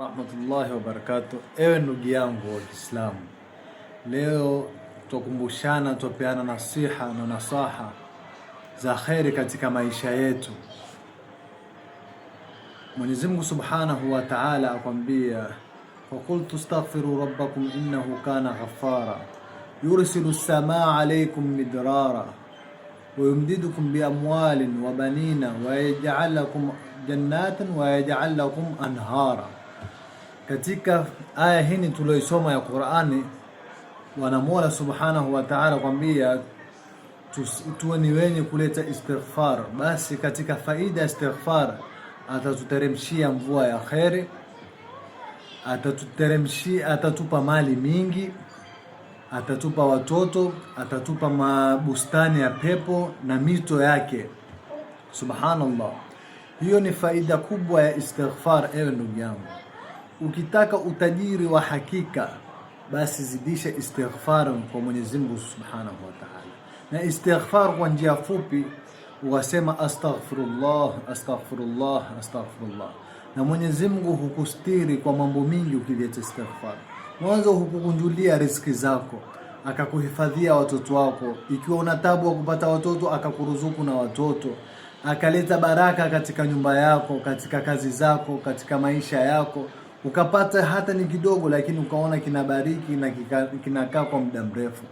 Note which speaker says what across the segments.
Speaker 1: Rahmatullahi wabarakatu Ewe ndugu yangu wa Kiislamu, leo twakumbushana, twapeana nasiha na nasaha za kheri katika maisha yetu. Mwenyezi Mungu Subhanahu wa Ta'ala akwambia, fakultu astaghfiru rabbakum innahu kana ghafara yursilu samaa alaykum midrara wayumdidukum biamwalin wa banina wayaj'al lakum jannatin wayaj'al lakum anhara katika aya hini tulioisoma ya Qur'ani, wanamola subhanahu wa ta'ala kwambia tuwe ni wenye kuleta istighfar. Basi katika faida ya istighfar, atatuteremshia mvua ya kheri, atatuteremshia, atatupa mali mingi, atatupa watoto, atatupa mabustani ya pepo na mito yake. Subhanallah, hiyo ni faida kubwa ya istighfar, ewe ndugu yangu. Ukitaka utajiri wa hakika, basi zidisha istighfar kwa Mwenyezi Mungu Subhanahu wa Ta'ala, na istighfar kwa njia fupi wasema astaghfirullah, astaghfirullah, astaghfirullah. Na Mwenyezi Mungu hukustiri kwa mambo mingi ukiviacha istighfar. Mwanzo hukukunjulia riziki zako, akakuhifadhia watoto wako, ikiwa una tabu wa kupata watoto akakuruzuku na watoto, akaleta baraka katika nyumba yako, katika kazi zako, katika maisha yako ukapata hata ni kidogo, lakini ukaona kinabariki na kinakaa kwa muda mrefu,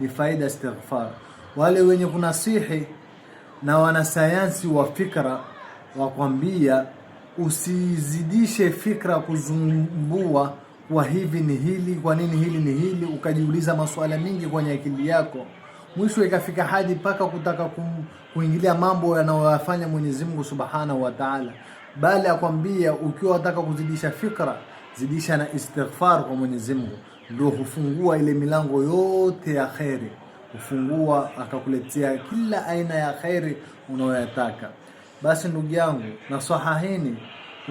Speaker 1: ni faida istighfar. Wale wenye kunasihi na wanasayansi wa fikra wakwambia, usizidishe fikra kuzumbua kwa hivi ni hili, kwa nini hili ni hili, ukajiuliza maswala mingi kwenye akili yako, mwisho ikafika hadi mpaka kutaka kuingilia mambo yanayoyafanya Mwenyezi Mungu Subhanahu wa Ta'ala bali akwambia, ukiwa wataka kuzidisha fikra zidisha na istighfar kwa Mwenyezi Mungu, ndio hufungua ile milango yote ya kheri, hufungua akakuletea kila aina ya kheri unayoyataka. Basi ndugu yangu, na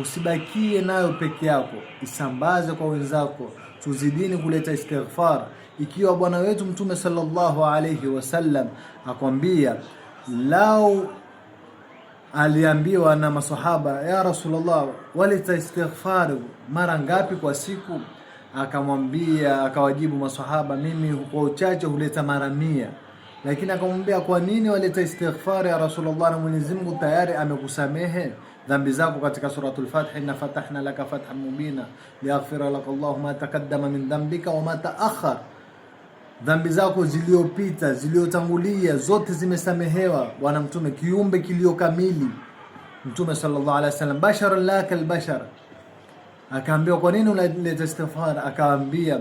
Speaker 1: usibakie nayo peke yako, isambaze kwa wenzako, tuzidini kuleta istighfar, ikiwa bwana wetu Mtume sallallahu alayhi wasallam akwambia lau aliambiwa na masahaba, ya Rasulullah, waleta istighfar mara ngapi kwa siku? Akamwambia, akawajibu masahaba, mimi kwa uchache huleta mara mia. Lakini akamwambia, kwa nini waleta istighfar ya Rasulullah, na Mwenyezi Mungu tayari amekusamehe dhambi zako katika suratul Fath, inna fatahna laka fatham mubina liyaghfira laka Allahu ma taqaddama min dhanbika wa ma ta'akhkhara dhambi zako ziliopita ziliotangulia zote zimesamehewa, bwana Mtume, kiumbe kilio kamili. Mtume sallallahu alaihi wasallam, bashara laka albashar, akaambiwa kwa nini unaleta istighfar? Akaambia,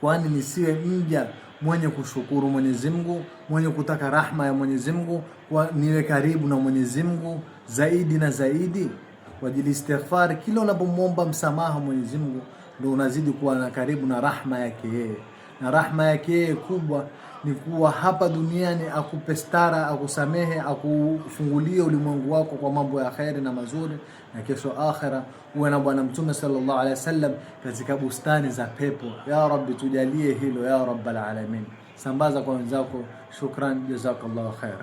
Speaker 1: kwani nisiwe mja mwenye kushukuru Mwenyezi Mungu, mwenye kutaka rahma ya Mwenyezi Mungu, niwe karibu na Mwenyezi Mungu zaidi na zaidi. Kwa ajili istighfar, kila unapomwomba msamaha Mwenyezi Mungu ndio unazidi kuwa na karibu na rahma yake yeye na rahma yake yeye kubwa ni kuwa hapa duniani akupe stara, akusamehe, akufungulie ulimwengu wako kwa mambo ya kheri na mazuri, na kesho akhera uwe na Bwana Mtume sallallahu alaihi wasallam katika bustani za pepo. Ya Rabbi, tujalie hilo ya Rabbal alamin. Sambaza kwa wenzako. Shukran, jazakallahu khaira.